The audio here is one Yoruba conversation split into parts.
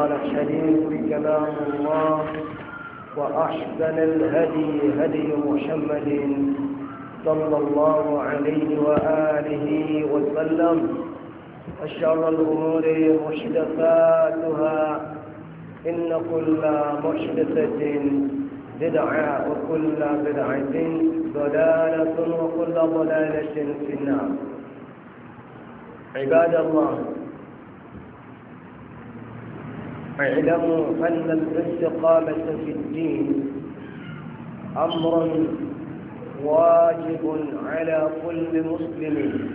قال الحديث كلام الله وأحسن الهدي هدي محمد صلى الله عليه وآله وسلم أشر الأمور محدثاتها إن كل محدثة بدعة وكل بدعة ضلالة وكل ضلالة في النار عباد الله اعلموا أن الاستقامة في الدين أمر واجب على كل مسلم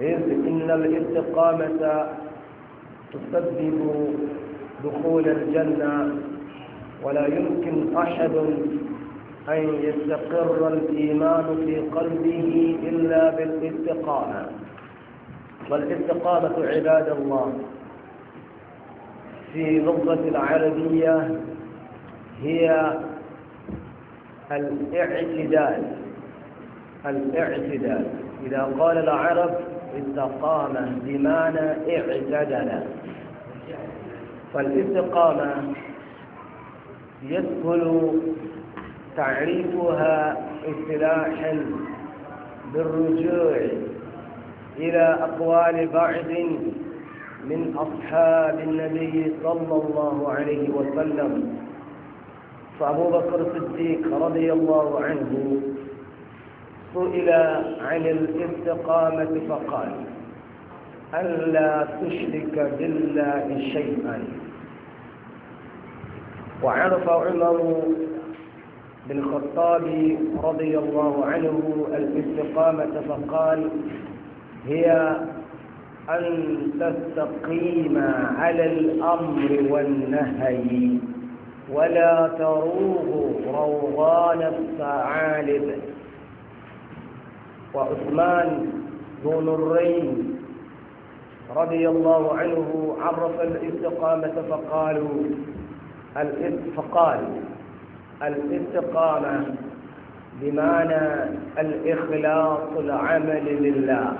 إذ إن الاستقامة تسبب دخول الجنة ولا يمكن أحد أن يستقر الإيمان في قلبه إلا بالاستقامة والاستقامة عباد الله في اللغة العربية هي الاعتدال الاعتدال إذا قال العرب استقام بمعنى اعتدل فالاستقامة يسهل تعريفها اصطلاحا بالرجوع إلى أقوال بعض من أصحاب النبي صلى الله عليه وسلم فأبو بكر الصديق رضي الله عنه سئل عن الاستقامة فقال ألا تشرك بالله شيئا وعرف عمر بن الخطاب رضي الله عنه الاستقامة فقال هي أن تستقيم على الأمر والنهي ولا تروه روضان الثعالب وعثمان ذو نورين رضي الله عنه عرف الاستقامة فقالوا فقال الاستقامة بمعنى الإخلاص العمل لله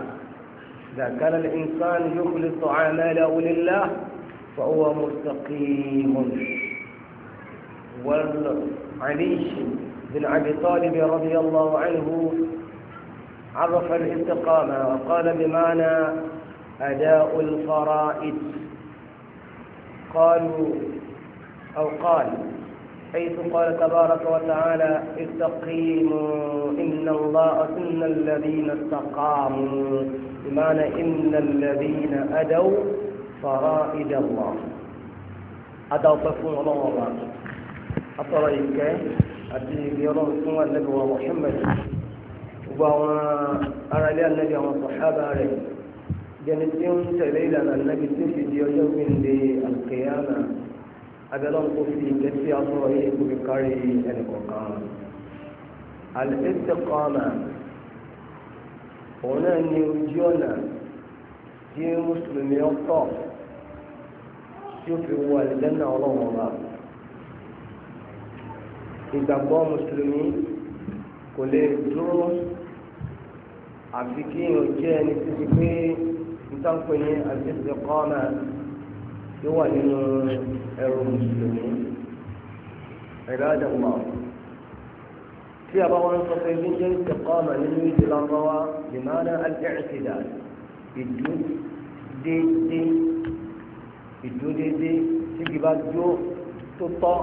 إذا كان الإنسان يخلص أعماله لله فهو مستقيم وعلي بن أبي طالب رضي الله عنه عرف الاستقامة وقال بمعنى أداء الفرائض قالوا أو قال حيث قال تبارك وتعالى استقيموا إن الذين استقاموا بمعنى إن الذين أدوا فرائد الله أدوا تفون الله أطريك أتي بيرون سوى النبي محمد أرى لي النبي وصحابه عليه جنتين تليلا النبي سيدي ديوجو من دي القيامة أدلون قفي جسي أطريك بكاري أنكوكان al-istiqama òun náà ní ojú ọ̀nà tí mùsùlùmí ọ̀tọ̀ tí ó fi wọ àlìjẹ́nà ọlọ́run ọba ìgbàgbọ́ mùsùlùmí kò lè dúró àfi kí èèyàn jẹ́ ẹni tó ti pé nítàpé ní al yóò wà nínú ẹrù mùsùlùmí ẹ̀rọ àdàmọ́ tí a bá wọn sọ pé ní jẹ́ ìsèkọ́mà nínú ìdè lọ́wọ́ lèmánà àjẹ́sìdá ìdúdéédé ìdúdéédé tí kì bá jó tó tọ́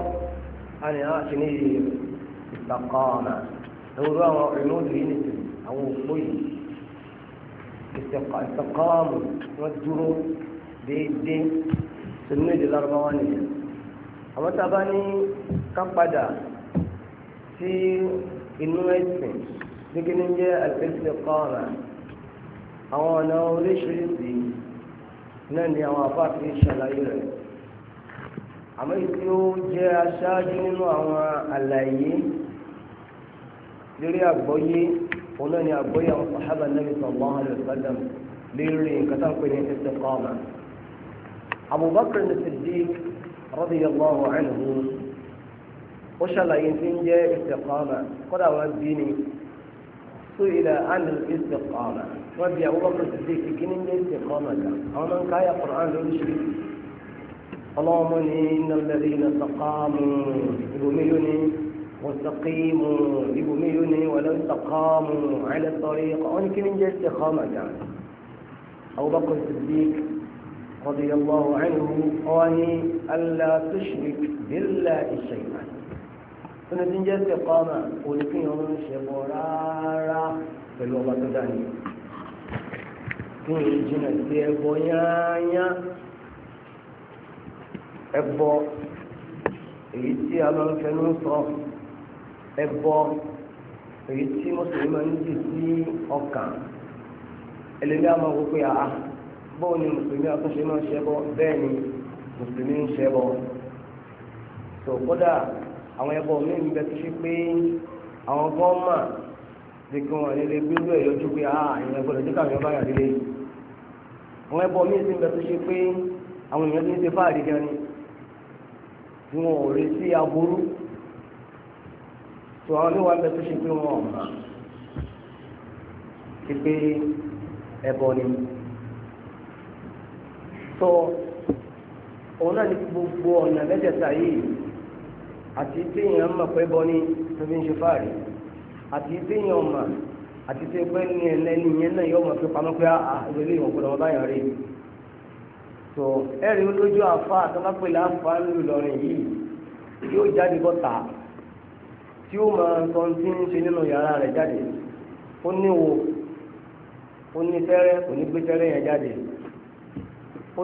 àní àti ní ìsèkọ́mà lórí àwọn ìlúdù yìí nìkan àwọn òpó yìí ìsèkọ́mà wọn dúró déédé sínú ìdè lọ́wọ́ nìyẹn àwọn tá a bá ní ká padà sí inú ẹ̀sìn gẹ́gẹ́ ní jẹ́ àgbẹ̀sẹ̀ kọ́ọ̀nà àwọn ọ̀nà oríṣiríṣi náà ni àwọn afáàfin ṣàlàyé rẹ̀ àmọ́ èyí tí ó jẹ́ aṣáájú nínú àwọn àlàyé lórí àgbọ́yé òun náà ni àgbọ́yé àwọn sàhábà Nábì sallallahu alaihi wasallam lérí nǹkan táwọn pè ní istiqama Abu Bakr as-Siddiq radiyallahu anhu ó ṣàlàyé tí ń jẹ́ istiqama kọ́dà wọn bí ni tó ilẹ̀ àná istiqama wọ́n bí àwọn ọmọ tètè kìkì ní jẹ́ istiqama kan àwọn máa ń káyà Qur'an lóríṣiríṣi ọlọ́mọ ní innal ladhina istaqamu ìbomi yóò ní wastaqimu ìbomi yóò ní walaw istaqamu wọ́n kí ní jẹ́ istiqama kan àwọn ọmọ tètè رضي nínú tí ń jẹ́ sí ẹ̀kọ́ ọmọ oníkéyàn ń ṣẹbọ rárá pẹ̀lú ọba tó dání kí n jìnnà sí ẹbọ yáyá ẹbọ èyí tí a máa ń fẹnu sọ ẹbọ èyí tí mùsùlùmí máa ń dì sí ọkàn ẹlẹ́gbẹ́ àmọ́ wò pé àá bọ́ọ̀ ni mùsùlùmí àtúnṣe máa ń ṣẹbọ bẹ́ẹ̀ ni mùsùlùmí ń ṣẹbọ tó kódà àwọn ẹbọ mi ń bẹ tó ṣe pé àwọn gọ́ọ̀mà ti kí wọn lè gbégbé ẹ̀ lójú pé ah ìyẹn gbọdọ̀ jẹ́ káwọn bá yà líle àwọn ẹbọ mi ti ń bẹ tó ṣe pé àwọn èèyàn ti ń ṣe fáàrí gan ni tí wọn ò retí aburú tó àwọn mi wà ń bẹ tó ṣe pé wọn ò mà ti pé ẹbọ ni tó òun náà ní gbogbo ọ̀nà mẹ́tẹ̀ẹ̀ta yìí. àti téèyàn mọ̀ pé bọ́ ní tó fi ń ṣe fáàrí àti téèyàn mọ̀ àti tó pé ní ẹlẹ́ni yẹn náà yọ̀ mọ̀ pé pamọ́ pé àwọn ah, ilé ah, ìwọ̀n gbọ́dọ̀ wọn báyọ̀ rí tó ẹ̀rí olójú àfa àtàlápẹ̀lẹ̀ àfa ń lọ́rin yìí yóò jáde bọ́ta tí ó máa sọ tí ń ṣe nínú yàrá rẹ̀ jáde ó ní wo ó ní kò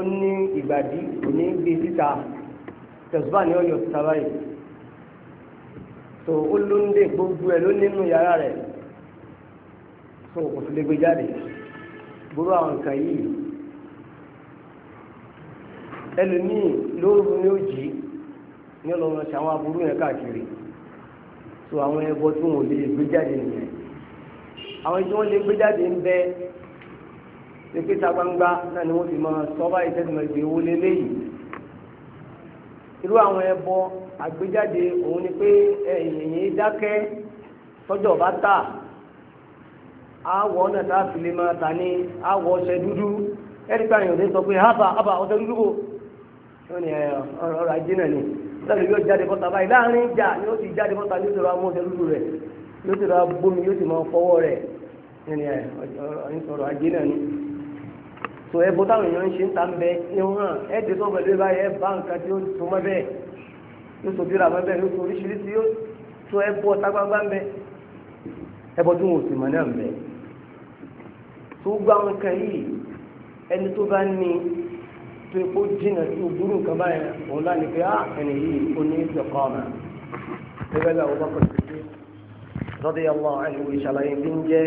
ni ó yọ síta báyìí. so ó ló ń dé gbogbo ẹ̀ ló nínú yàrá rẹ̀ so kò sì lè gbé jáde gbogbo àwọn nǹkan yìí ẹlòmíì lóru ni ó jì í ní ọlọ́run ṣe àwọn aburú yẹn káàkiri so àwọn ẹbọ tí wọn ò lè gbé jáde nìyẹn àwọn tí wọn lè gbé jáde ń bẹ ní pété agbangba náà ni wọn ti máa sọ báyìí tẹ́tí máa owó lélẹ́yìí. irú àwọn ẹbọ àgbéjáde òun ni pé ẹ̀yìn dákẹ́ tọ́jọ́ bá tà àwọ̀ ọ̀nà tá a fi lè máa tà ní àwọ̀ dúdú sọ pé hábà hábà ọṣẹ dúdú kò ó ní ọ̀rọ̀ ajé náà ni sọ́dọ̀ yóò jáde bọ́ta báyìí láàrin ìjà ni ó ti jáde bọ́ta ní ìṣòro amú ọṣẹ dúdú rẹ̀ yóò ti ra yóò ti máa fọwọ́ rẹ̀ ọ̀rọ̀ ajé so ẹbọ táwọn èèyàn ń ṣe ń ta ń bẹ irun hàn ẹ ti sọ pẹ̀lú ìbáyẹ ẹ bá nǹkan tí ó so mọ́ bẹ́ẹ̀ yóò so bíra mọ́ bẹ́ẹ̀ yóò so oríṣiríṣi yóò so ẹbọ tagbangba ń bẹ ẹbọ tí wọn ò sì mọ̀ náà ń bẹ tó gbá wọn kan yìí ẹni tó bá ní tó epo jìnnà sí òbúrú nǹkan báyẹn òun láti pé á ah, ẹni yìí ó ní ìjọkọ ọmọ gẹ́gẹ́ bí àwọn bá kọjú sí rọdíyàwó àwọn ìṣàlàyé bí ń jẹ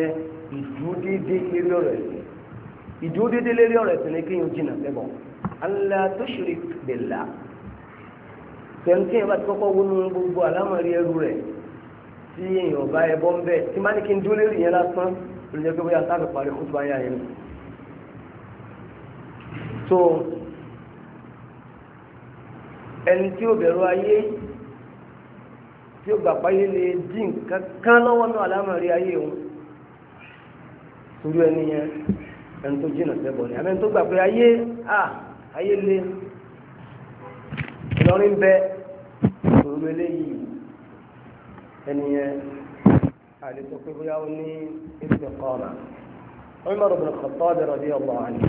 ìdúdídé lórí ọ̀rọ̀ ìdúró dédé lérí ọ̀rọ̀ ẹ̀sìn ní kéèyàn jìnnà lẹ́bọ̀ alá tó ṣeré bẹ̀là tẹ̀ǹkẹ́ bá ti kọ́kọ́ wọnú gbogbo àlámọ̀rí ẹrú rẹ̀ tí èèyàn bá ẹbọ ń bẹ̀ tí má ní kí n dúró lérí yẹn lásán ló jẹ́ pé bóyá sáàbì parí kó tó bá yá yẹn nù. tó ẹni tí ó bẹ̀rù ayé tí ó gbàgbá yé lè dín kankan lọ́wọ́ náà àlámọ̀rí ayé òun torí ẹni yẹn ẹni tó jìnà sẹ́bọ̀ ni àmì ẹni tó gbà pé ayé à ayé lé ìlọrin bẹ òru eléyìí ẹni yẹn àlè sọ pé bóyá ó ní ètò kọ́ọ̀nà Umar ibn Khattab radiyallahu anhu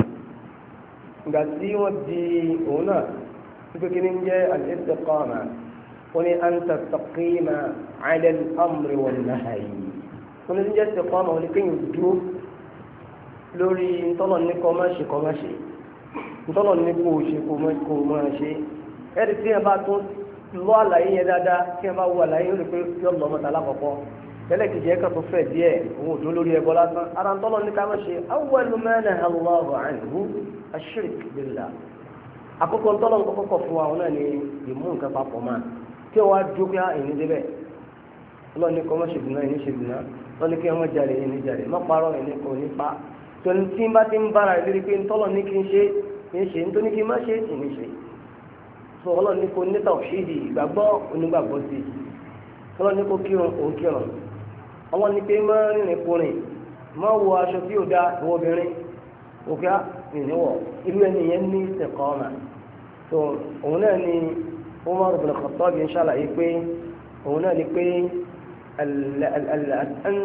ìgbà tí wọ́n di òun náà wípé kí ni ń jẹ́ al-istiqama wọ́n ní an tastaqima ala al-amri wan wọ́n ní ń jẹ́ istiqama wọ́n ní kéèyàn dúró lórí ntọ́lọ̀ ní kọ́ máa ṣe kọ́ máa ṣe ntọ́lọ̀ ní kò ṣe kò máa ṣe ẹ̀rí tí yẹn bá tún lọ àlàyé yẹn dáadáa tí yẹn bá wo àlàyé yóò rí pé yọ lọ lákọ̀ọ́kọ́ tẹ́lẹ̀ kìjẹ́ kan tó lórí ẹbọ lásán ara ntọ́lọ̀ ní ká máa ṣe kọ́kọ́ fún wa òun ìmú nǹkan papọ̀ máa ìní ah, débẹ̀ tòun tí n bá ti ń bára rẹ̀ lórí pé ntọ́lọ̀ ní kí n ṣe kí n ṣe ntọ́ ní kí n má ṣe kì í ṣe sọ ọlọ́run ní kò níta òṣèlú ìgbàgbọ́ onígbàgbọ́ sí i ọlọ́run ní kò kírun òun kírun ọlọ́run ní pé má rìnrìn kùnrin má wọ aṣọ tí ò da ìwọ obìnrin òkè ìníwọ̀ irú ẹni yẹn ní ìsẹ̀kọ́ ọ̀nà tó òun náà ni Umar ibn Khattab ń ṣàlàyé pé òun náà ni pé أن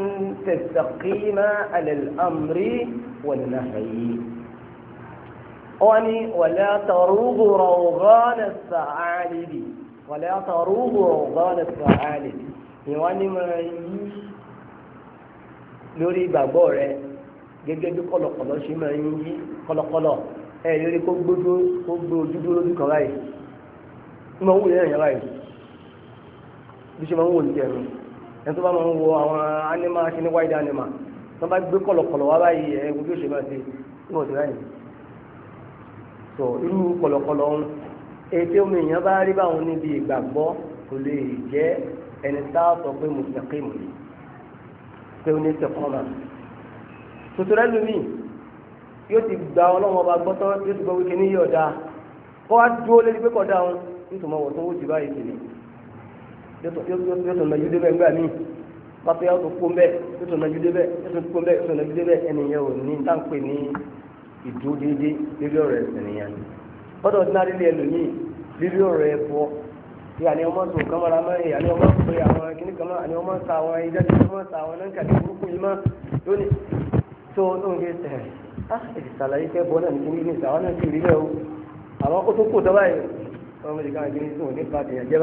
تستقيم على الأمر والنهي أني ولا تروب روغان الثعالب ولا تروب روغان الثعالب يواني ما yí lórí ìgbàgbọ́ rẹ gẹ́gẹ́ bí kọ̀lọ̀kọ̀lọ̀ ṣe máa ń yí kọ̀lọ̀kọ̀lọ̀ ẹ lórí kó gbójú kó gbé ojú dúró lójú kan báyìí ní wọ́n wù yẹn yẹn báyìí bí ṣe máa ń wò ní jẹ̀rù ẹni tó bá máa ń wo àwọn animal kí ni wild animal tó bá gbé kọ̀lọ̀kọ̀lọ̀ wá báyìí ẹ̀ ẹ̀kú bí ó ṣe máa ṣe ní ọ̀sẹ̀ láyìn tó irú kọ̀lọ̀kọ̀lọ̀ ń ètò omi èèyàn bá rí báwọn níbi ìgbàgbọ́ kò lè jẹ́ ẹni tá a sọ pé mùsùlùmí ni pé ó ní tẹ̀kọ́mà tuntun rẹ lómi yóò ti gba ọlọ́wọ́n bá gbọ́tọ́ yóò ti gbọ́ wíkẹ́ ní yọ̀ọ̀dá kó wá dúró lórí pé kọ̀ọ̀dá wọn yóò tún mọ̀ wọ̀ tó wó ti báyìí pápẹ́ yàtọ̀ kó ń bẹ́ tó tó nàjú dé bẹ́ tó tó kó ń bẹ́ tó tó nàjú dé bẹ́ ẹnìyẹn ò ní dáńpẹ́ ní ìdúró déédé lórí ọ̀rọ̀ ẹ̀sìn nìyẹn ni bọ́dọ̀ ọdún arílẹ̀ ẹlòmíì lórí ọ̀rọ̀ ẹ̀bọ ìyàní ọmọ tó kámara mọ́ ìyàní ọmọ tó pé àwọn kìnnì kan mọ́ àní ọmọ ta àwọn ẹja tí ọmọ ta àwọn náà ń kàdé burúkú yìí mọ́ lónìí tó tó ń gbé tẹ̀ á ah, èdè sàlàyé fẹ́ bọ́ náà ní kíní ní ìsàwọn náà ti rí bẹ́ẹ̀ o àwọn ó tó kù tọ́ báyìí ọmọ ìdíkà ìdíní tó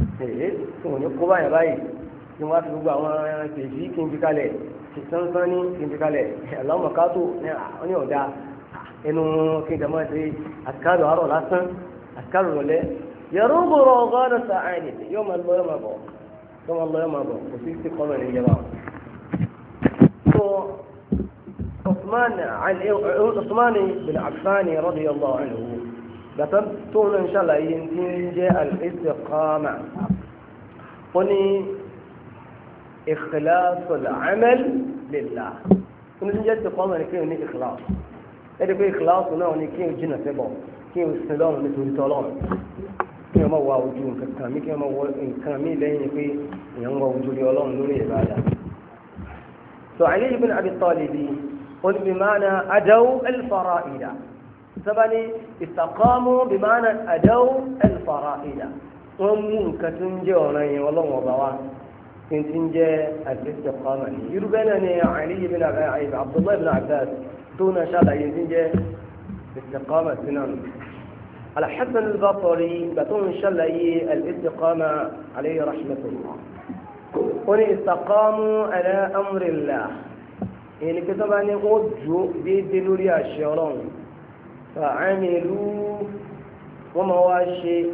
èyí tí mo ní kó báyìí báyìí tí wọ́n á fi gbogbo àwọn ẹran kejì kí n fi kalẹ̀ ti sánsán ní kí n fi kalẹ̀ aláwọ̀ mọ̀kátó ní ọ̀dà ẹnu kí n dàmú ẹsẹ̀ àtikárò àárọ̀ lásán àtikárò rọ̀lẹ́ yẹ̀rọ gbòòrò ọ̀gọ́dọ̀ sàáyìn yóò máa lọ yóò máa bọ̀ yóò máa lọ yóò máa bọ̀ kò sí sí kọ́mọ̀ ní ìjọba. Usman bin Affan radiyallahu anhu gbàtọ́ tó ń lọ ṣàlàyé tí ń jẹ́ al-istiqama ó ní ikhlasul amal lillah ó ní tí ń jẹ́ istiqama ní kéwòn ní ikhlas ẹni pé ikhlas náà ní kéwòn jìnnà sẹ́bọ̀ kéwòn sin lọ́rùn nítorí tọ́lọ́rùn kéwòn máa wá ojú nǹkan mi kéwòn máa wọ nǹkan mi lẹ́yìn pé èèyàn ń wá ojú rí ọlọ́run lórí ìbáradà. sọ Ali ibn Abi Talib ó ní bí máa na adáwó al-fara'ida sábàní ìsàkọ́mú bí máa na àdáwó ẹnfàrà ìdá wọ́n mú nǹkan tó ń jẹ́ ọ̀ràn yẹn ọlọ́wọ́n ọba wa tí ń ti ń jẹ́ àgbẹ̀sẹ̀ kọ́mà ní. yorùbá náà ni àìní yìí bin abdullahi bin abbas tó náà ṣàlàyé ti ń jẹ́ ìsàkọ́mà sí náà. alḥasan al-basri bàtú ń ṣàlàyé al-ìsàkọ́mà aleyhi rahmatullah. ó ní ìsàkọ́mú ala amrillah. ìyẹn ni kí sábàní ó dùn déédéé فعملوا وما واشي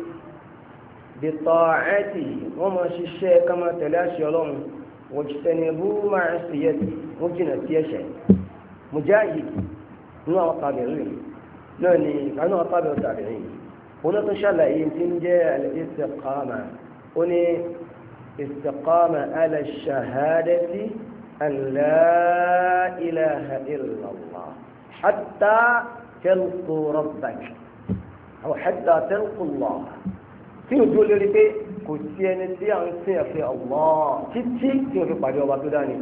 بطاعته وما شيء كما تلاش يلون واجتنبوا معصيته وجنة يشي مجاهد نوع الطابعين لأني أنا الطابع التابعين هنا إن شاء الله ينتج الاستقامة هنا استقامة على الشهادة أن لا إله إلا الله حتى تلقوا ربك أو حتى تلقوا الله tí ojú olórí pé kò sí ẹni tí à ń sìn ẹ̀fẹ́ Allah títí tí o fi pàdé ọba tó dání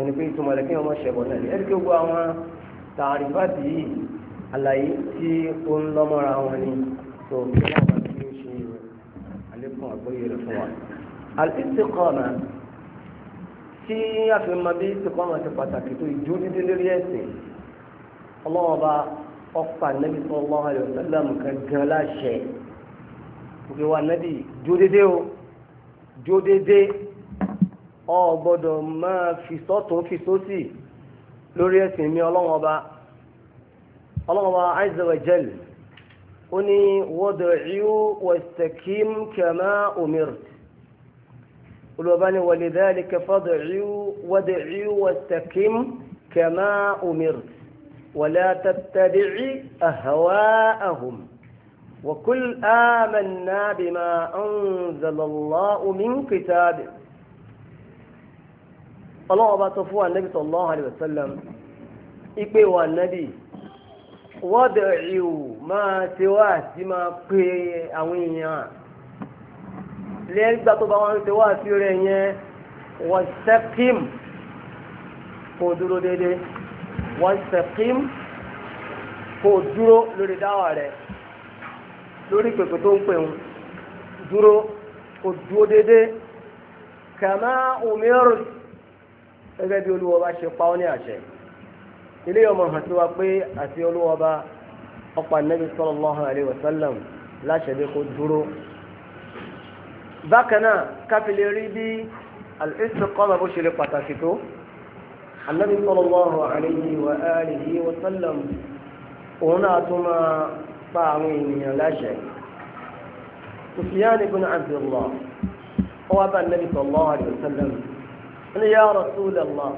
ẹni pé ìtumọ̀ rẹ̀ kí wọ́n mọ̀ ṣẹ̀bọ̀ náà lé ẹni pé gbogbo àwọn tààrífàtì yìí àlàyé tí ó ń lọ́mọ́ra wọn ni tó kí wọ́n bá tí ó ṣe àlékún àgbóyè rẹ̀ fún wa. al-istiqama tí a fi mọ bí istiqama ti pàtàkì tó ìdúró dídé lórí ẹ̀sìn ọlọ́wọ́ bá ọ̀pá nẹ́bí sallallahu alaihi wasallam gangan láṣẹ òkè wa nẹ́bí jódédé o jódédé ọ gbọ́dọ̀ máa fi sọ́tún fi sósì lórí ẹ̀sìn mi ọlọ́wọ́ bá ọlọ́wọ́ bá azza wa jal ó ní wad'u wastaqim kama umirt olùwàbáni walidhalika fad'u wad'u wastaqim kama umirt. ولا تتبع أهواءهم وكل آمنا بما أنزل الله من كتاب الله أبا تفوى النبي صلى الله عليه وسلم إقوى النبي وادعوا ما سواه ما قي أويا لأنك تبغى سواه سيرين واستقم قدروا ديدي wastaqim kó o dúró lórí dáwà rẹ lórí pèpè tó ń pè ń dúró kó o dúró déédéé kama umiru gẹ́gẹ́ bí olúwa bá ṣe pa ọ́ ní àṣẹ ilé ọmọ hàn sí wa pé àti olúwa bá ọ̀pọ̀ ànábì sallallahu alaihi wasallam láṣẹ bí kó dúró bákan náà káfílẹ̀ rí bí al-istiqama bó ṣe lè pàtàkì tó. النبي صلى الله عليه وآله وسلم هنا ثم طاعين لا شيء سفيان بن عبد الله هو أبا النبي صلى الله عليه وسلم قال يا رسول الله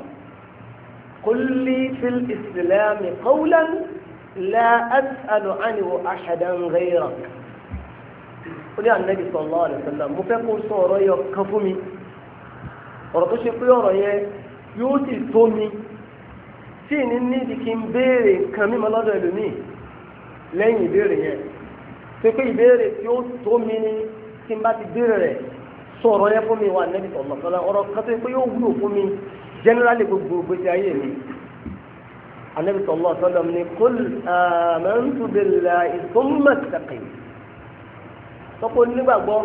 قل لي في الإسلام قولا لا أسأل عنه أحدا غيرك قل يا النبي صلى الله عليه وسلم مفقر صورة يكفمي ورقش قيورة yóò sì tó mi tí ní níbi kí n béèrè nǹkan mímọ́ lọ́dọ̀ ẹlòmíì lẹ́yìn ìbéèrè yẹn pé pé ìbéèrè tí ó tó mi ní tí n bá ti béèrè rẹ̀ sọ̀rọ̀ yẹn fún mi wà nẹ́bí sọ̀rọ̀ sọ̀rọ̀ ọ̀rọ̀ kan tó yẹ pé yóò wúlò fún mi generally gbogbo gbèsè ayé mi anabi sọlọ sọlọ ni kul amantu billahi thumma istaqim sọkò nígbàgbọ́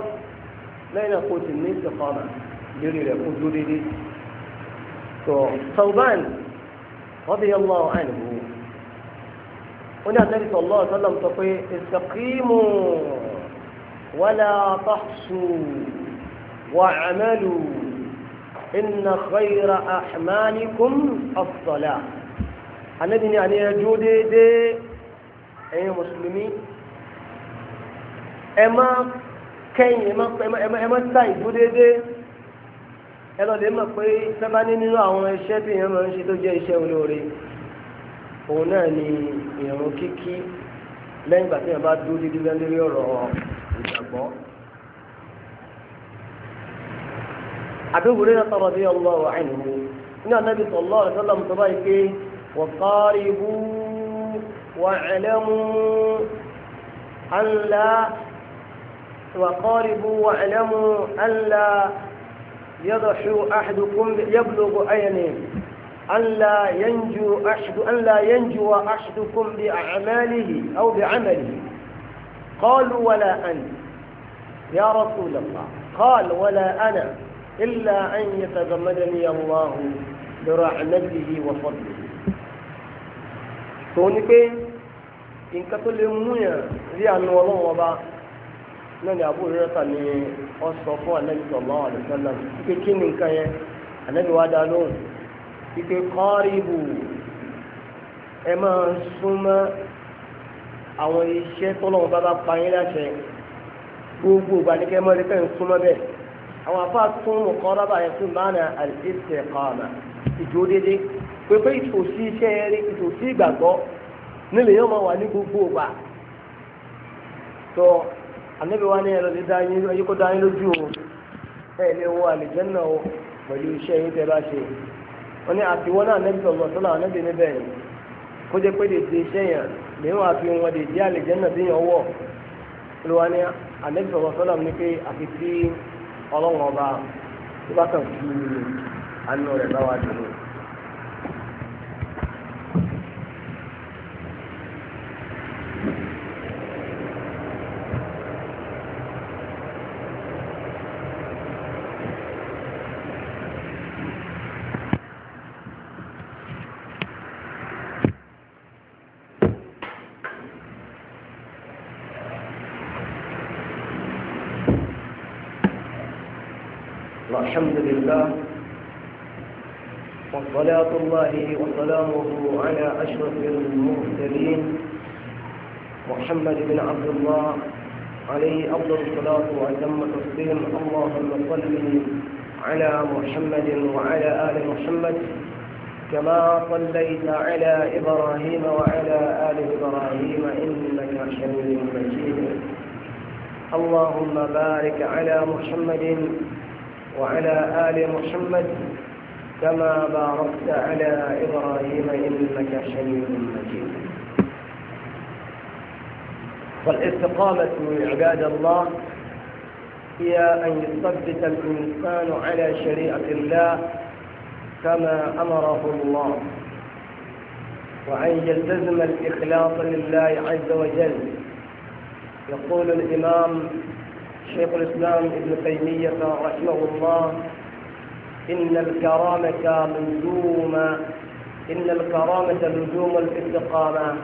lẹ́yìn so Thawban radiyallahu anhu ó ní àtẹ́rí sallallahu alaihi wasallam sọ pé istaqimu wala tahsu wa'malu inna khayra a'malikum as-salah anabi ni àní ẹjọ́ déédéé ẹ̀yin mùsùlùmí ẹ má kẹ́yìn ẹ má ta ìdúró déédéé ẹ lọ lè mọ̀ pé sábà ní nínú àwọn iṣẹ́ tí èèyàn máa ń ṣe tó jẹ́ iṣẹ́ olóore òun náà ni ìrun kíkí lẹ́yìn ìgbà tí èèyàn bá dúró dídí lórí ọ̀rọ̀ ìgbàgbọ́. Abu Hurairah radiyallahu anhu ní Ànábì sallallahu alaihi wasallam tó báyìí pé wa qaribu wa'lamu an la wa qaribu wa'lamu an la. يضحو أحدكم يبلغ عينيه أن لا ينجو أحد أن لا ينجو أحدكم بأعماله أو بعمله قالوا ولا أنت يا رسول الله قال ولا أنا إلا أن يتغمدني الله برحمته وفضله توني كي إن كتل يمويا زي أنه náà ni àbúrò rẹ̀ kàn ní ọ sọ fún anabi sọ̀lá àdìsọ́lá ike kí ni nǹkan yẹn anabi wa dá lóhùn ike kọ́rìbù ẹ máa súnmọ́ àwọn iṣẹ́ tọ́lọ́wọ́n bá bá pa yín láṣẹ gbogbo ìgbàlẹ́kẹ́ mọ́lẹ́ fẹ́ ń súnmọ́ bẹ́ẹ̀ àwọn afá tún mú kọ́ rábà yẹn fún mánà àìsè kọ́ọ̀nà ìdúró déédéé pépé ìtòsí iṣẹ́ rí ìtòsí ìgbàgbọ́ nílẹ̀ yóò máa wà ní gbogbo ìgbà tó ànábì wa ní ẹ̀rọ ti dá yín ẹ̀yí kó dá yín lójú o ẹ̀ lè wọ àlìjẹ́nà o pẹ̀lú iṣẹ́ yín tẹ́ bá ṣe wọ́n ní àtiwọ́ náà ànábì sọ̀rọ̀ sọ́nà ànábì níbẹ̀ kó jẹ́ pé dèdè iṣẹ́ yẹn lèyìn wà fi wọn dèdè àlìjẹ́nà tí yẹn wọ̀ ló wá ní ànábì sọ̀rọ̀ sọ́nà ní pé àfi tí ọlọ́run ọba tó bá kàn fi àánú rẹ̀ bá wa dùn الحمد لله وصلاة الله وسلامه على أشرف المرسلين محمد بن عبد الله عليه أفضل الصلاة وأتم التسليم اللهم صل على محمد وعلى آل محمد كما صليت على إبراهيم وعلى آل إبراهيم إنك حميد مجيد اللهم بارك على محمد وعلى آل محمد كما باركت على إبراهيم إنك حميد مجيد والاستقامة عباد الله هي أن يثبت الإنسان على شريعة الله كما أمره الله وأن يلتزم الإخلاص لله عز وجل يقول الإمام شيخ الإسلام ابن تيمية رحمه الله إن الكرامة لزوم إن الكرامة لزوم الاستقامة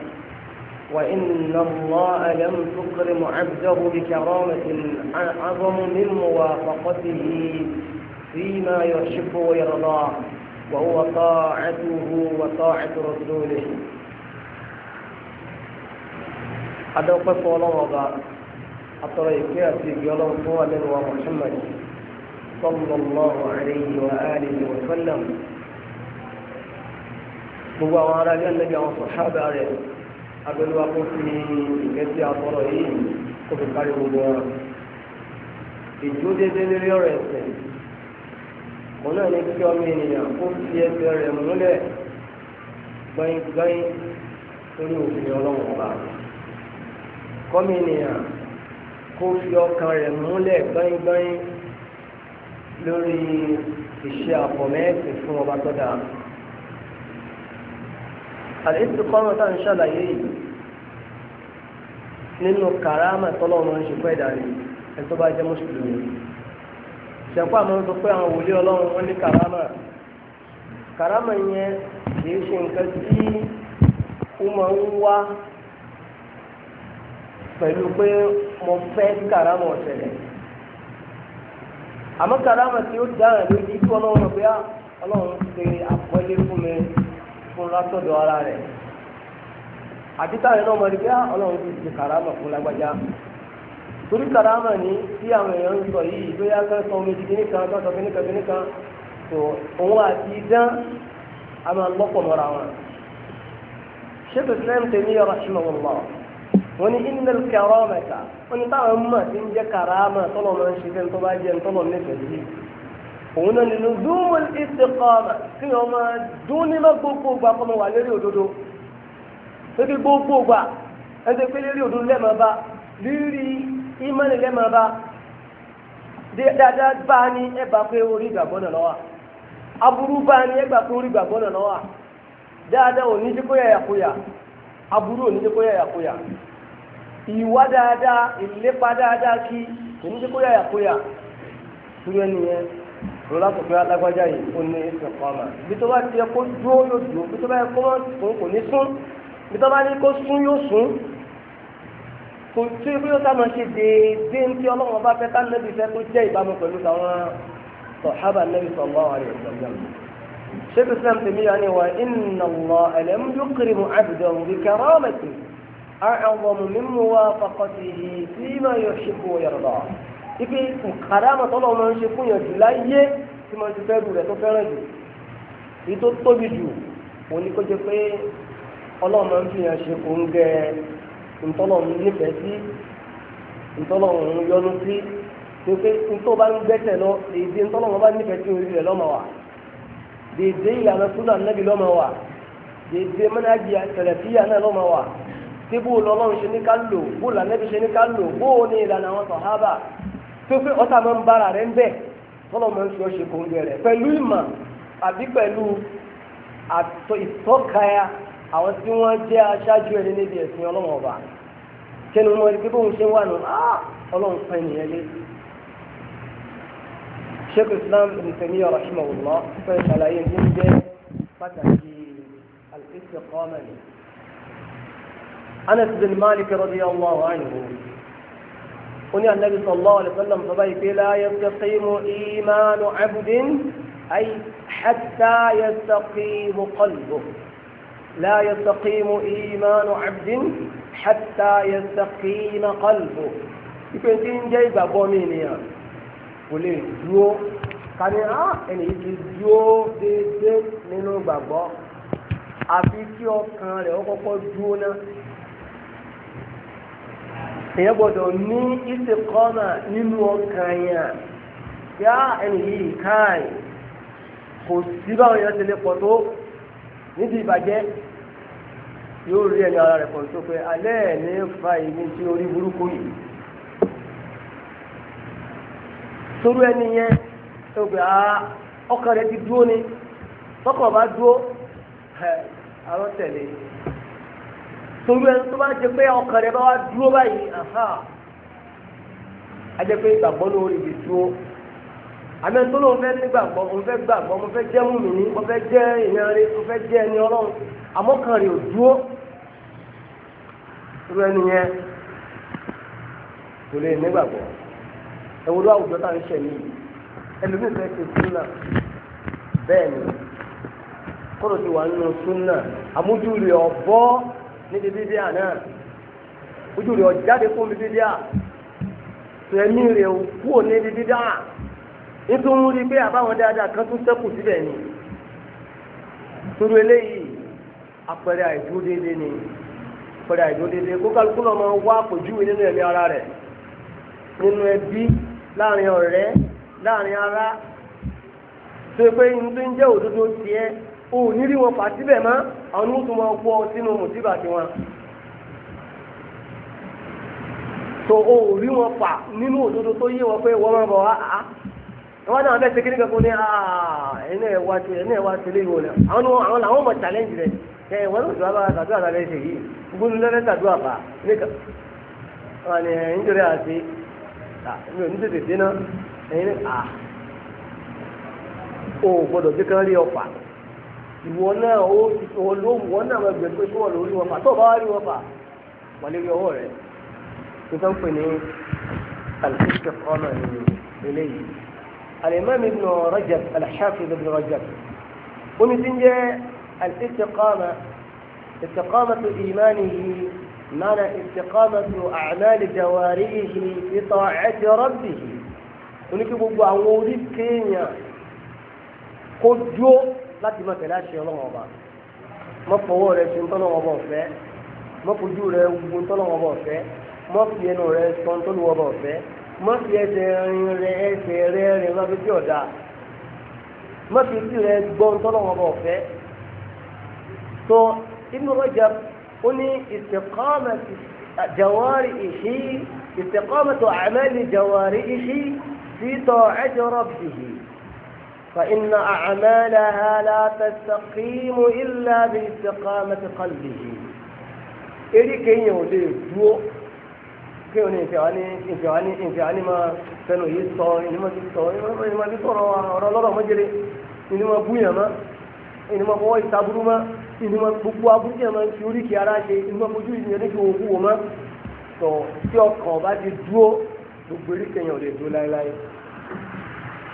وإن الله لم تكرم عبده بكرامة أعظم من موافقته فيما يحب ويرضاه وهو طاعته وطاعة رسوله هذا قصة الله àtọ̀rọ̀ ìpè àti ìgbé ọlọ́run fún wa lẹ́nu wa Muhammad sallallahu alayhi wa alihi wa sallam gbogbo àwọn ará ilé ẹlẹ́gbẹ̀ àwọn sọ̀hábà rẹ̀ abẹ́lúwa kó fi ìgbẹ́ sí àtọ̀rọ̀ yìí kó fi kárí gbogbo wọn ìdúró déédéé lórí ọ̀rọ̀ ẹ̀sẹ̀ òun náà ní kí ọmọ ènìyàn kó fi ẹsẹ̀ rẹ̀ múlẹ̀ gbọ́yìn gbọ́yìn lórí òfin ọlọ́run ọba kọ́mọ ènìyàn kó fi ọkàn rẹ̀ múlẹ̀ gbáyìngbáyìn lórí ìṣe àfọ̀mẹ́ẹ̀sì fún ọba tó dáa. àlèsì tá à ń ṣàlàyé yìí nínú kàrámà tọ́lọ́ ọmọ ń ṣe pẹ́ dàrí tó bá jẹ́ mùsùlùmí. ṣẹ̀kọ́ àmọ́ sọ pé àwọn wòlíì ọlọ́run ní kàrámà kàrámà pẹ̀lú pé mo fẹ́ kàrámọ̀ ọ̀sẹ̀lẹ̀ àmọ́ kàrámọ̀ tí ó dáhùn lójú tí ọlọ́run pé ah, ọlọ́run ṣe àpọ́lé fún mi fún látọ̀dọ̀ ara rẹ̀ àti táwọn ẹ̀rọ ọmọdé pé ah, ọlọ́run ti ṣe kàrámọ̀ fún lágbájá torí kàrámà ní tí àwọn èèyàn ń sọ yìí tó kan sọ omi kìíní kan tó sọ kìíní kan kìíní kan tó òun àti idán a máa lọ́pọ̀ mọ́ra wọn. ṣé tó sẹ́ńtẹ̀ ní ọ̀rọ̀ ṣùgbọ́n wọn lọ. wani ní innal karamata wọ́n ní táwọn mọ̀ tí karama tọ́lọ̀ máa ń ṣe fẹ́ tó bá jẹ́ tọ́lọ̀ nífẹ̀ẹ́ sí òun náà nínú dúmùl istiqama tí wọ́n máa dún ní lọ gbogbo gbà kọ́mọ wà lérí òdodo lórí gbogbo gbà ba, e e ya, ìwà dáadáa ìlépa dáadáa kí kìí ṣe kóyà yàkóyà túrú ẹni yẹn rọlá kò fẹ́ alágbájá yìí ó ní ìsìnkọ́mà bí tó bá ti yẹ kó dúró yóò dúró bí tó bá yẹ kó má sùn kò ní sùn bí tó bá ní kó sùn yóò sùn kò tí bí ó sábà ṣe déédéé ń tí ọlọ́run bá fẹ́ tá nẹ́bí fẹ́ tó jẹ́ ìbámu pẹ̀lú àwọn sọ̀hábà nẹ́bí sọ̀lọ́ àrẹ ìsọ̀lọ́ أعظم من موافقته فيما يحب ويرضى ibi nkàràmà tọ́lọ̀ ọmọ ń ṣe fún yàn jù láyé tí mo ti fẹ́rù rẹ̀ tó fẹ́ràn jù èyí tó tóbi jù òun ni kó jẹ ń lọ èdè bá nífẹ̀ẹ́ orí lọ́mọ wa ìlànà súnà lọ́mọ wa náà lọ́mọ wa. tí bó lọ́lọ́run ṣe ní ká lò bó lànàbí ṣe ní ká lò bó o ní ìlànà àwọn sọ̀hábà tó pé ọ̀tá máa ń bára rẹ̀ ń bẹ̀ tọ́lọ̀ máa ń fi ọṣẹ kòǹgẹ̀ rẹ̀ pẹ̀lú ìmọ̀ àbí pẹ̀lú ìtọ́kaya àwọn tí wọ́n jẹ́ aṣáájú ẹni níbi ẹ̀sìn ọlọ́run ọba kí ni wọ́n rí pé bóun ṣe wà nù ah! ọlọ́run pẹ́ nìyẹn lé sheikh islam ibn taymiya rahimahullah fẹ́ ṣàlàyé ní jẹ́ pàtàkì al-istiqamah Anas bin Malik radiyallahu anhu oní anabi sallallahu alayhi wa sallam sọba ìpè la yastaqimu imanu abdin ay hatta yastaqimu qalbuhu la yastaqimu imanu abdin hatta yastaqimu qalbuhu ìpè tí ń jẹ́ ìgbàgbọ́ mi nìyàn kò lè dúró kani á ah, ẹni yìí ti dúró déédéé nínú ìgbàgbọ́ àfi kí ọkàn rẹ̀ ó kọ́kọ́ dúró náà. èyàn gbọ́dọ̀ ní ìsìnkọ́nà nínú ọkàn ya yá ẹni yìí káàì kò sí báwọn yẹn ti pọ̀ tó níbi ìbàjẹ́ yóò rí ẹni ara rẹ̀ pọ̀ tó pé alẹ́ fa ìní tí orí burúkú yìí sórí ẹni yẹn tó gbé a ọkàn ti dúró ni tọkàn bá dúró ẹ àwọn torí ẹni tó bá jẹ pé ọkàn rẹ bá wá dúró báyìí a jẹ pé ìgbàgbọ́ ló rí ibi dúró àmì tó lóun fẹ́ nígbàgbọ́ mo fẹ́ gbàgbọ́ mo fẹ́ jẹ́ mùmìnì mo fẹ́ jẹ́ èèyàn rẹ mo fẹ́ jẹ́ ẹni ọlọ́run àmọ́ kan rè ò dúró irú ẹni yẹn kò lè nígbàgbọ́ ẹ̀wọ́n ló àwùjọ táà ń ṣẹ̀ yìí ẹlòmíì fẹ́ ṣe súnà bẹ́ẹ̀ ni kọ́rọ̀ ti wà nínú súnà àmójú rẹ̀ ọ̀bọ́ níbi bíbíà náà ojú rẹ̀ ọ̀jáde fún mi bíbíà tẹ̀mí rẹ̀ kúrò níbi bíbíà nítorí rí pé àbáwọn dáadáa kan tún sẹ́kù síbẹ̀ ni torí eléyìí apẹ̀rẹ̀ àìdúró déédéé ni pẹ̀lú àìdódédé kó kálukú náà máa wá àpòjúwe nínú ẹ̀mí ara rẹ̀ nínú ẹbí láàrin ọ̀rẹ́ láàrin ara tó pé ní tó ń jẹ́ òdodo tiẹ́ o ní rí wọn fà síbẹ̀ mọ́ àwọn onímọ̀ tó máa sínú mùsíbà tiwọn tó o rí wọn fà nínú òdodo tó yé wọn pé wọ́n máa bọ̀ wá àá àwọn náà bẹ́ẹ̀ tẹ́kí ní ní ẹ̀ẹ́nà ẹ̀wà tó ẹ̀ẹ́nà ẹ̀wà tó lè àwọn làwọn mọ̀ challenge rẹ̀ ẹ̀ wọ́n lọ́dọ̀ àbá tàdúrà lálẹ́ ṣe yìí gbóni lọ́dọ̀ tàdúrà bá níkà ni àti tètè à ó gbọ́dọ̀ kán rí ìwọ náà ó ìwọ náà wọ́n gbẹ pé kí wọ́n lórí wọn fà tó bá wá rí wọn fà wọ́n lè rí ọwọ́ rẹ̀ tó fẹ́ ń pè ní alifisik ọ̀nà eléyìí alimami ibn rajab alhafid ibn rajab omi ti ń jẹ́ alistiqama istiqamatu imanihi معنى استقامة أعمال جوارحه في طاعة ربه oníkí gbogbo àwọn orí kéèyàn kó dúó láti máa tẹ̀lé àṣẹ ọlọ́wọ́n ọba mọ́ fọwọ́ rẹ ṣe ńtọ́nà ọba ọ̀fẹ́ mọ́ fojú rẹ wo ńtọ́nà ọba ọ̀fẹ́ mọ́ fi ẹnu rẹ sọ ńtọ́nà ọba ọ̀fẹ́ mọ́ fi ẹsẹ̀ rin rẹ ẹsẹ̀ rẹ rìn lọ́dún tí ọ̀dà mọ́ fi etí rẹ gbọ́ ńtọ́nà ọba ọ̀fẹ́ tó Ibn Rajab ó ní istiqamah jawarihi istiqamah a'mal jawarihi fi ta'ati rabbih فإن أعمالها لا تستقيم إلا باستقامة قلبه èrí kéèyàn ò lè dúó kí òní ìfìhání máa fẹnu yìí sọ ìnímọ̀ ti sọ ìnímọ̀ ti sọ̀rọ̀ ọ̀rọ̀ lọ́rọ̀ mọ́jẹ́lẹ̀ ìnímọ̀ búyàn má ìnímọ̀ fọwọ́ ìtaburú má ìnímọ̀ gbogbo abúlé má fi oríkì ara ṣe ìnímọ̀ fojú ìyẹn ní fi òkú wò má sọ tí ọkàn bá ti dúó gbogbo èrí kéèyàn ò lè dúó láéláé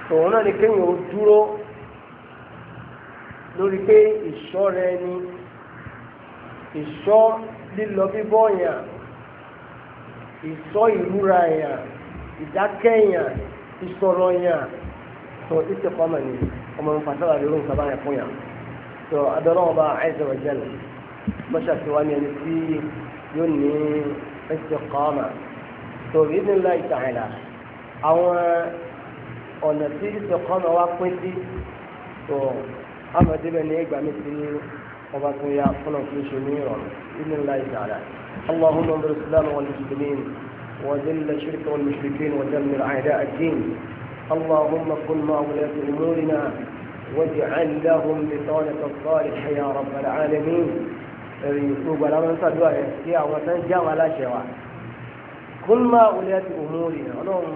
tòun náà ni kéèyàn ó dúró lórí pé ìṣọ́ rẹ ni ìṣọ́ lílọ bíbọ̀ yàn ìṣọ́ ìrúra yàn ìdákẹ́ yàn ìṣọ̀rọ̀ yàn tó ìṣe pàmò ni ọmọ mi pàṣẹ àdúrà ló ń sábà yẹn fún yàn tó adọ́rọ̀ ọba àìsàn ọ̀jẹ̀ lọ mọ́ṣáṣí wa ni ẹni tí yóò ní ẹsẹ̀ kọ́ tó bí ní láì àwọn ọ̀nà tí ìṣọ̀kànnà wa pín sí tó amọ̀débẹ̀ ní ìgbà mi ti ní ọba tó yá fúnà fún ṣe ní ìrọ̀rùn nínú ńlá ìdára. اللهم انظر الاسلام والمسلمين وذل الشرك والمشركين ودمر اعداء الدين اللهم كن مع ولاة امورنا واجعل لهم بطانة الصالح يا رب العالمين يتوب لهم انت دعاء يا وتنجا ولا شيء كن مع ولاة امورنا اللهم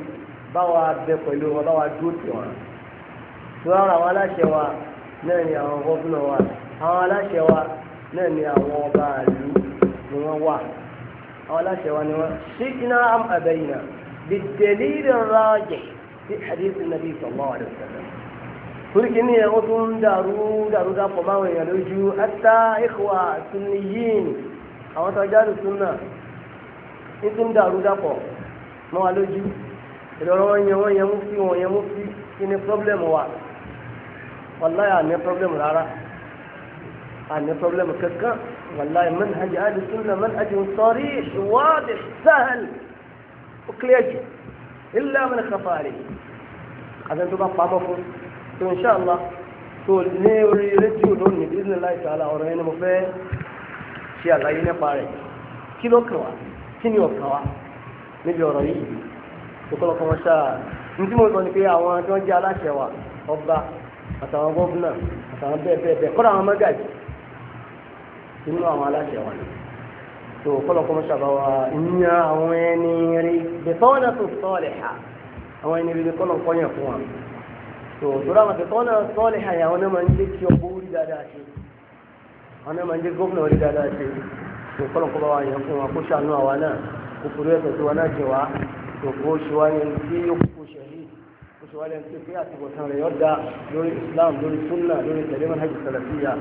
báwa bẹ pẹ̀lú wọn báwa dúró tì wọn tó ara àwọn aláṣẹ wa náà ni àwọn gómìnà wa àwọn aláṣẹ wa náà ni àwọn ọba àlú ni wọ́n wà àwọn aláṣẹ wa ni wọ́n ṣí iná àbẹ̀yìnà bìtẹ̀lì ìrìnrajẹ̀ sí àdéhùn nàbí sallallahu alaihi wasallam turki ni ó tún dàrú dàrú dàpọ̀ máwọn èèyàn lójú ata ìkọ̀wà sunniyin àwọn tó jáde sunna ní tún dàrú dàpọ̀ máwọn lójú ìlọrọ wọn yẹn wọn yẹn mú fi wọn yẹn mú fi kí ni pọ́blẹ́mù wa wàláyà àní pọ́blẹ́mù rárá àní pọ́blẹ́mù kankan wàláyà manhaj ahli sunna manhaj sarih wadih sahl ó kílẹ̀ jù illa man khafa alayhi àti tó bá pamọ́ fún tó insha Allah tó ní orí rédíò lónìí bí ní láì sàlá ọ̀rọ̀ yẹn ni mo fẹ́ ṣe àlàyé nípa rẹ̀ kí ló kàn wá kí ni ọ̀kàn ọ̀pọ̀lọpọ̀ wọn ṣáà ní tí mo sọ ni pé àwọn tí wọ́n jẹ́ aláṣẹ wa ọba àtàwọn gómìnà àtàwọn bẹ́ẹ̀ bẹ́ẹ̀ bẹ́ẹ̀ kọ́ra àwọn mọ́gàjì nínú àwọn aláṣẹ wa ni tó ọ̀pọ̀lọpọ̀ wọn ṣàbá wa ìyá àwọn ẹni rí bẹ̀tọ́nà tó sọ́ọ̀lẹ̀ ha àwọn ẹni rí kọ́nà kọ́yàn fún wa tó tóra àwọn bẹ̀tọ́nà sọ́ọ̀lẹ̀ ha yà wọn náà máa ń jẹ́ kí ọkọ̀ orí dáadáa ṣe wọn náà máa ń jẹ́ gómìnà orí dáadáa ṣe tó ọ̀pọ̀lọpọ̀ wa yàn fún wa kó ṣàánú àwa náà kó kò ṣe wá ní tí yóò kó ṣẹ̀yìn kò ṣe wá ní tí pé àtìwọ̀sán rẹ̀ yọ̀dá lórí islam lórí sunna lórí tẹ̀lé manhaj salafiyya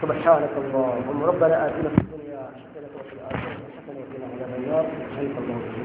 subhanaka allahumma rabbana atina fid dunya hasanatan wa fil akhirati hasanatan wa qina adhaban nar